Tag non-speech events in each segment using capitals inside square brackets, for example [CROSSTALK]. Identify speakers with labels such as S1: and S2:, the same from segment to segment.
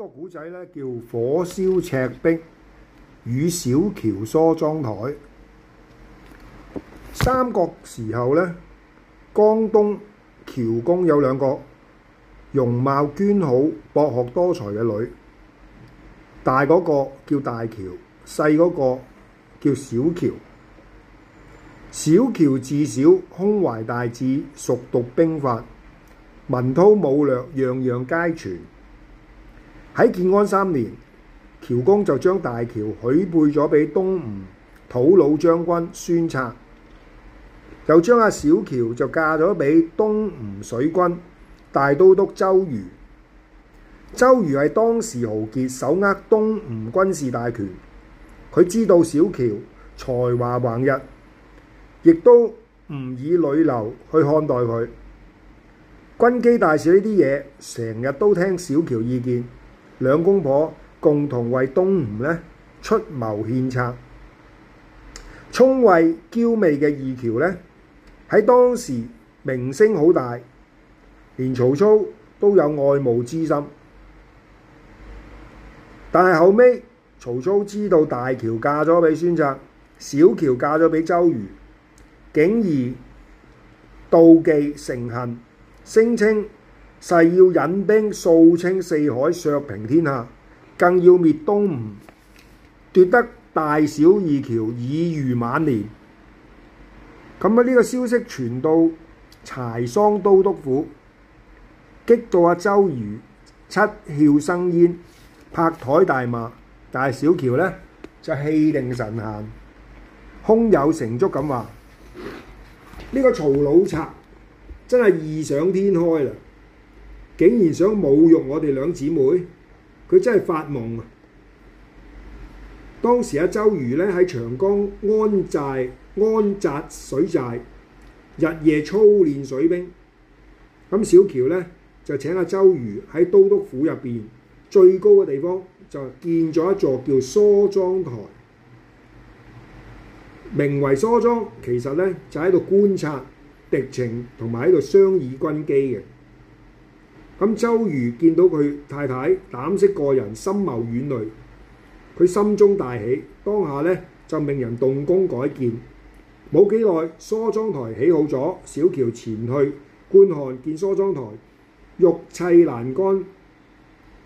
S1: 個古仔咧，叫火燒《火燒赤壁與小喬梳妝台》。三國時候呢，江東喬公有兩個容貌娟好、博學多才嘅女，大嗰個叫大喬，細嗰個叫小喬。小喬自小胸懷大志，熟讀兵法，文韜武略，樣樣皆全。喺建安三年，喬公就將大喬許配咗俾東吳討虜將軍孫策，又將阿小喬就嫁咗俾東吳水軍大都督周瑜。周瑜係當時豪傑，手握東吳軍事大權。佢知道小喬才華橫溢，亦都唔以女流去看待佢。軍機大事呢啲嘢，成日都聽小喬意見。兩公婆共同為東吳咧出謀獻策，聰慧嬌媚嘅二喬咧喺當時名聲好大，連曹操都有愛慕之心。但係後尾，曹操知道大喬嫁咗俾孫策，小喬嫁咗俾周瑜，竟然妒忌成恨，聲稱，誓要引兵掃清四海，削平天下，更要滅東吳，奪得大小二喬，以娛晚年。咁啊！呢個消息傳到柴桑都督府，激到阿周瑜七竅生煙，拍台大罵。但係小喬呢，就氣定神閒，胸有成竹咁話：呢個曹老賊真係異想天開啦！竟然想侮辱我哋兩姊妹，佢真係發夢啊！當時阿周瑜咧喺長江安寨、安紮水寨，日夜操練水兵。咁小喬咧就請阿周瑜喺都督府入邊最高嘅地方就建咗一座叫梳妝台，名為梳妝，其實咧就喺度觀察敵情同埋喺度商議軍機嘅。咁周瑜見到佢太太膽識過人、深謀遠慮，佢心中大喜，當下呢，就命人動工改建。冇幾耐，梳妝台起好咗。小喬前去觀看見，見梳妝台玉砌欄杆、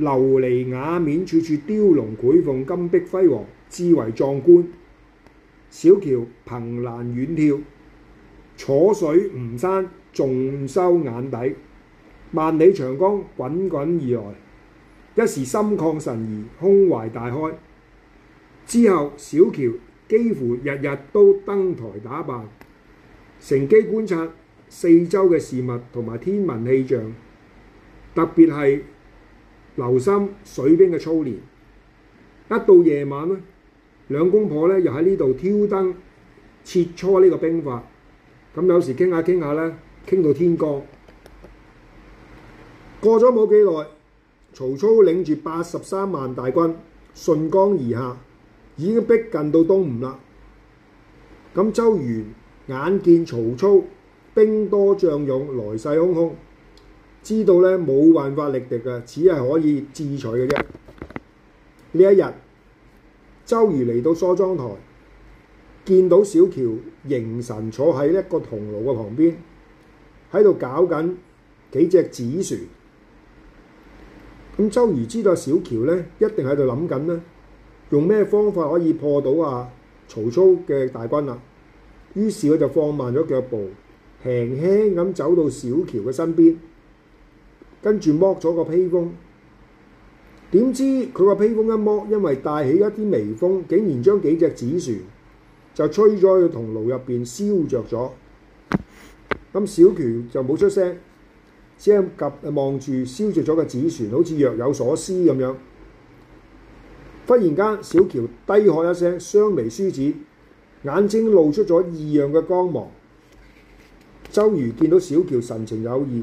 S1: 琉璃瓦面，處處雕龍繪鳳，金碧輝煌，至為壯觀。小喬憑欄遠眺，楚水吳山，仲收眼底。萬里長江滾滾而來，一時心曠神怡，胸懷大開。之後，小喬幾乎日日都登台打扮，乘機觀察四周嘅事物同埋天文氣象，特別係留心水兵嘅操練。一到夜晚呢，兩公婆咧又喺呢度挑燈切磋呢個兵法。咁有時傾下傾下咧，傾到天光。過咗冇幾耐，曹操領住八十三萬大軍順江而下，已經逼近到東吳啦。咁周瑜眼見曹操兵多將勇，來勢洶洶，知道咧冇辦法力敵嘅，只係可以智取嘅啫。呢一日，周瑜嚟到梳妝台，見到小喬凝神坐喺一個銅爐嘅旁邊，喺度搞緊幾隻紙船。咁周瑜知道小喬咧一定喺度諗緊啦，用咩方法可以破到啊曹操嘅大軍啦？於是佢就放慢咗腳步，輕輕咁走到小喬嘅身邊，跟住剝咗個披風。點知佢個披風一剝，因為帶起一啲微風，竟然將幾隻紙船就吹咗去銅爐入邊燒着咗。咁小喬就冇出聲。即係及望住燒着咗嘅紙船，好似若有所思咁樣。忽然間，小喬低喝一聲，雙眉舒展，眼睛露出咗異樣嘅光芒。周瑜見到小喬神情有異，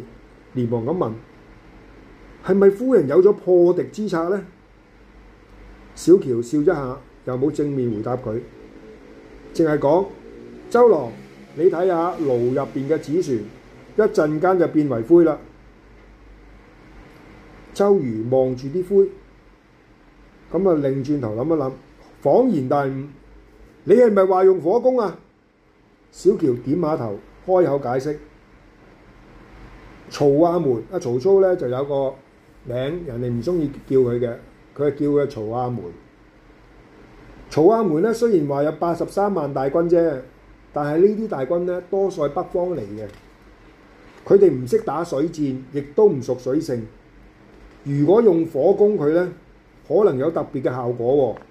S1: 連忙咁問：係咪夫人有咗破敵之策呢？小喬笑一下，又冇正面回答佢，淨係講：周郎，你睇下爐入邊嘅紙船。一陣間就變為灰啦。周瑜望住啲灰，咁啊，擰轉頭諗一諗，恍然大悟：你係咪話用火攻啊？小喬點下頭，開口解釋：曹阿瞞啊，曹操咧就有個名，人哋唔中意叫佢嘅，佢係叫佢曹阿瞞。曹阿瞞咧，雖然話有八十三萬大軍啫，但係呢啲大軍咧多數係北方嚟嘅。佢哋唔識打水戰，亦都唔熟水性。如果用火攻佢呢，可能有特別嘅效果喎、哦。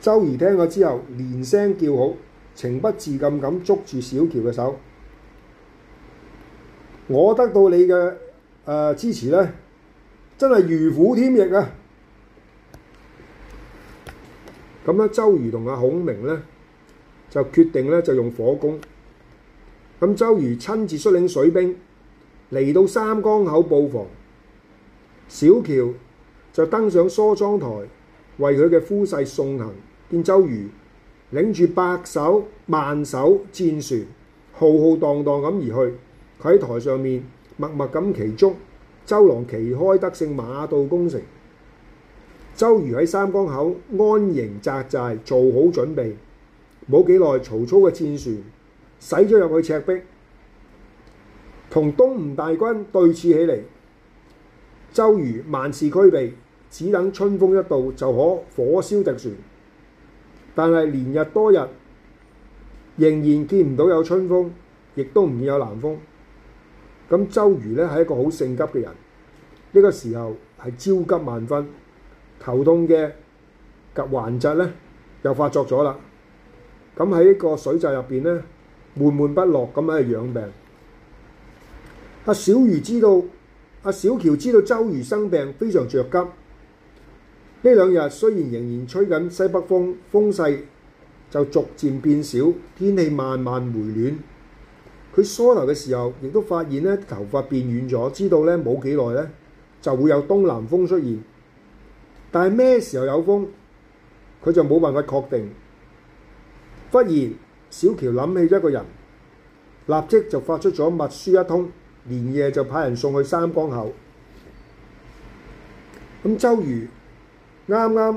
S1: 周瑜聽咗之後，連聲叫好，情不自禁咁捉住小喬嘅手。我得到你嘅、呃、支持呢，真係如虎添翼啊！咁樣，周瑜同阿孔明呢，就決定呢就用火攻。咁周瑜親自率領水兵嚟到三江口布防，小喬就登上梳妝台為佢嘅夫婿送行。見周瑜領住百艘萬艘戰船浩浩蕩蕩咁而去，佢喺台上面默默咁祈祝周郎旗開得勝，馬到功成。周瑜喺三江口安營紮寨，做好準備。冇幾耐，曹操嘅戰船。使咗入去赤壁，同東吳大軍對峙起嚟。周瑜萬事俱備，只等春風一到就可火燒敵船。但係連日多日，仍然見唔到有春風，亦都唔見有南風。咁周瑜呢係一個好性急嘅人，呢、呢個時候係焦急萬分，頭痛嘅及頑疾呢又發作咗啦。咁喺呢個水寨入邊呢。悶悶不樂咁樣去養病。阿小瑜知道，阿小喬知道周瑜生病，非常着急。呢兩日雖然仍然吹緊西北風，風勢就逐漸變小，天氣慢慢回暖。佢梳頭嘅時候，亦都發現呢頭髮變軟咗。知道呢冇幾耐呢就會有東南風出現，但係咩時候有風，佢就冇辦法確定。忽然。小喬諗起一個人，立即就發出咗密書一通，連夜就派人送去三江口。咁周瑜啱啱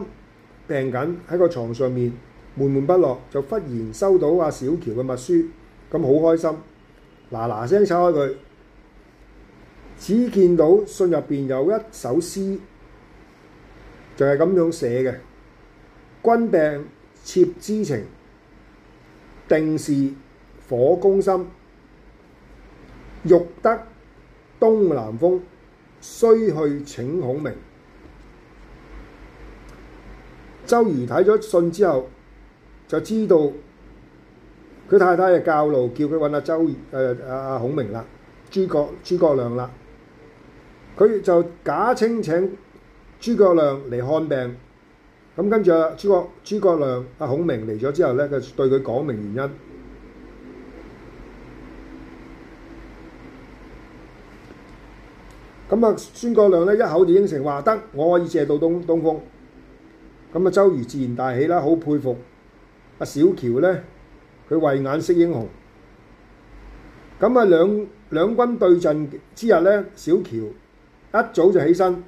S1: 病緊喺個床上面悶悶不樂，就忽然收到阿小喬嘅密書，咁好開心，嗱嗱聲拆開佢，只見到信入邊有一首詩，就係咁樣寫嘅：君病妾知情。定是火攻心，欲得東南風，須去請孔明。周瑜睇咗信之後，就知道佢太太嘅教路叫佢揾下周瑜，誒、啊、阿孔明啦，諸葛諸葛亮啦。佢就假稱請諸葛亮嚟看病。咁跟住啊，諸葛諸葛亮阿孔明嚟咗之後咧，就對佢講明原因。咁啊， [NOISE] 諸葛亮咧一口就應承話得，我可以借到東東風。咁啊，周瑜自然大喜啦，好佩服。阿小喬咧，佢慧眼識英雄。咁啊，兩兩軍對陣之日咧，小喬一早就起身。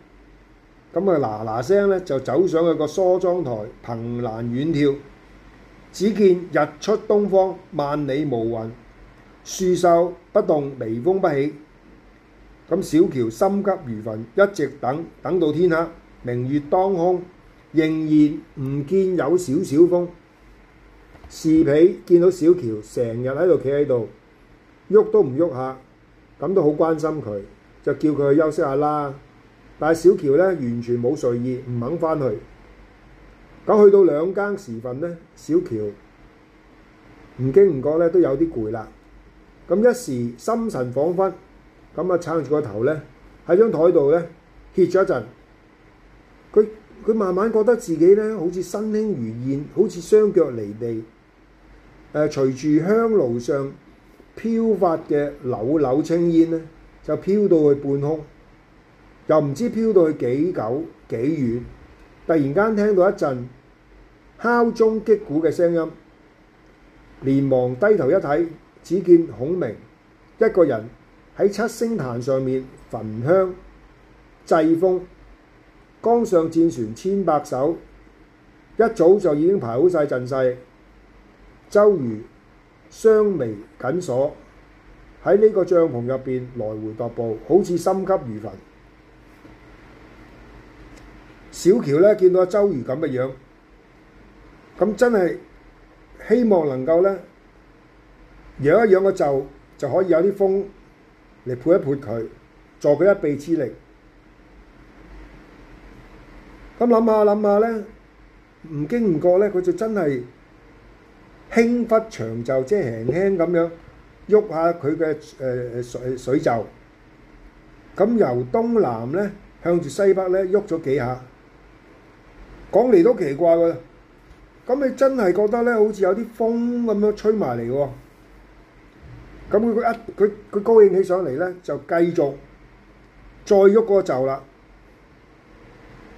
S1: 咁啊！嗱嗱聲咧，就走上一個梳妝台，憑欄遠眺。只見日出東方，萬里無雲，樹梢不動，微風不起。咁小喬心急如焚，一直等，等到天黑，明月當空，仍然唔見有少少風。侍婢見到小喬成日喺度企喺度，喐都唔喐下，咁都好關心佢，就叫佢去休息下啦。但係小喬咧，完全冇睡意，唔肯翻去。咁去到兩更時分咧，小喬唔經唔覺咧都有啲攰啦。咁一時心神恍惚，咁啊撐住個頭咧喺張台度咧歇咗一陣。佢佢慢慢覺得自己咧好似身輕如燕，好似雙腳離地。誒、呃，隨住香爐上飄發嘅縷縷青煙咧，就飄到去半空。又唔知飄到去幾久幾遠，突然間聽到一陣敲鐘擊鼓嘅聲音，連忙低頭一睇，只見孔明一個人喺七星壇上面焚香祭風，江上戰船千百艘，一早就已經排好晒陣勢。周瑜雙眉緊鎖，喺呢個帳篷入邊來回踱步，好似心急如焚。小喬呢見到周瑜咁嘅樣，咁真係希望能夠呢，揚一揚個袖就可以有啲風嚟潑一潑佢，助佢一臂之力。咁諗下諗下呢，唔經唔覺呢，佢就真係輕忽長袖，即係輕輕咁樣喐下佢嘅誒水水袖。咁由東南呢，向住西北呢，喐咗幾下。講嚟都奇怪喎，咁你真係覺得咧，好似有啲風咁樣吹埋嚟喎，咁佢佢一佢佢高興起上嚟咧，就繼續再喐嗰個袖啦。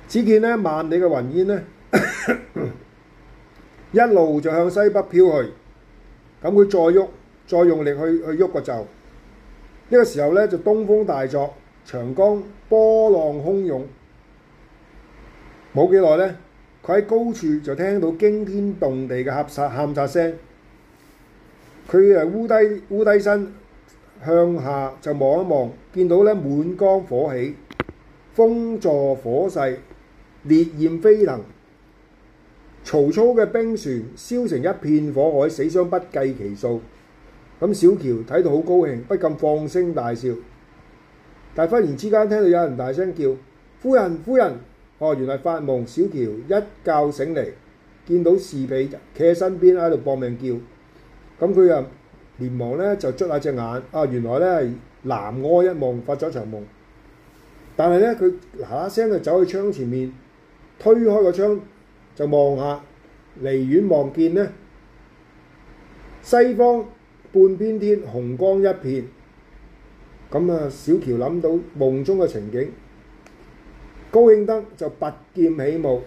S1: 只見呢萬里嘅雲煙呢， [COUGHS] 一路就向西北飄去，咁佢再喐，再用力去去喐個袖。呢個時候咧就東風大作，長江波浪洶湧，冇幾耐咧。佢喺高處就聽到驚天動地嘅喊殺喊殺聲，佢係烏低烏低身向下就望一望，見到咧滿江火起，風助火勢，烈焰飛騰，曹操嘅兵船燒成一片火海，死傷不計其數。咁小喬睇到好高興，不禁放聲大笑。但忽然之間聽到有人大聲叫：夫人，夫人！哦，原來發夢，小喬一覺醒嚟，見到侍婢企喺身邊喺度搏命叫，咁佢啊，連忙咧就捽下隻眼，啊、哦，原來咧南柯一夢，發咗場夢。但係咧，佢嗱嗱聲就走去窗前面，推開個窗就望下，離遠望見咧西方半邊天紅光一片，咁啊，小喬諗到夢中嘅情景。高興德就拔劍起舞。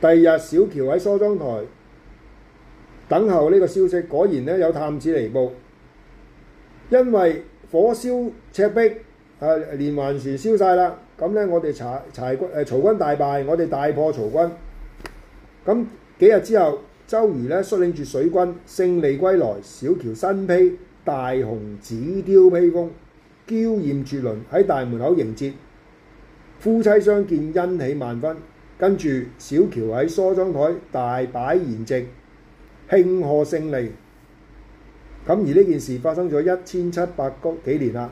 S1: 第二日，小喬喺梳妝台等候呢個消息，果然咧有探子嚟報，因為火燒赤壁啊，連環船燒曬啦。咁咧，我哋柴柴軍誒曹軍大敗，我哋大破曹軍。咁幾日之後，周瑜咧率領住水軍勝利歸來，小喬身披大紅紫貂披風，嬌豔絕倫喺大門口迎接。夫妻相見，欣喜萬分。跟住小喬喺梳妝台大擺筵席，慶賀勝利。咁而呢件事發生咗一千七百多幾年啦。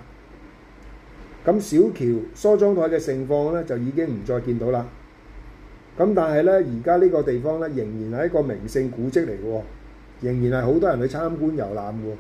S1: 咁小喬梳妝台嘅盛況呢，就已經唔再見到啦。咁但係呢，而家呢個地方呢，仍然係一個名勝古蹟嚟嘅，仍然係好多人去參觀遊覽嘅。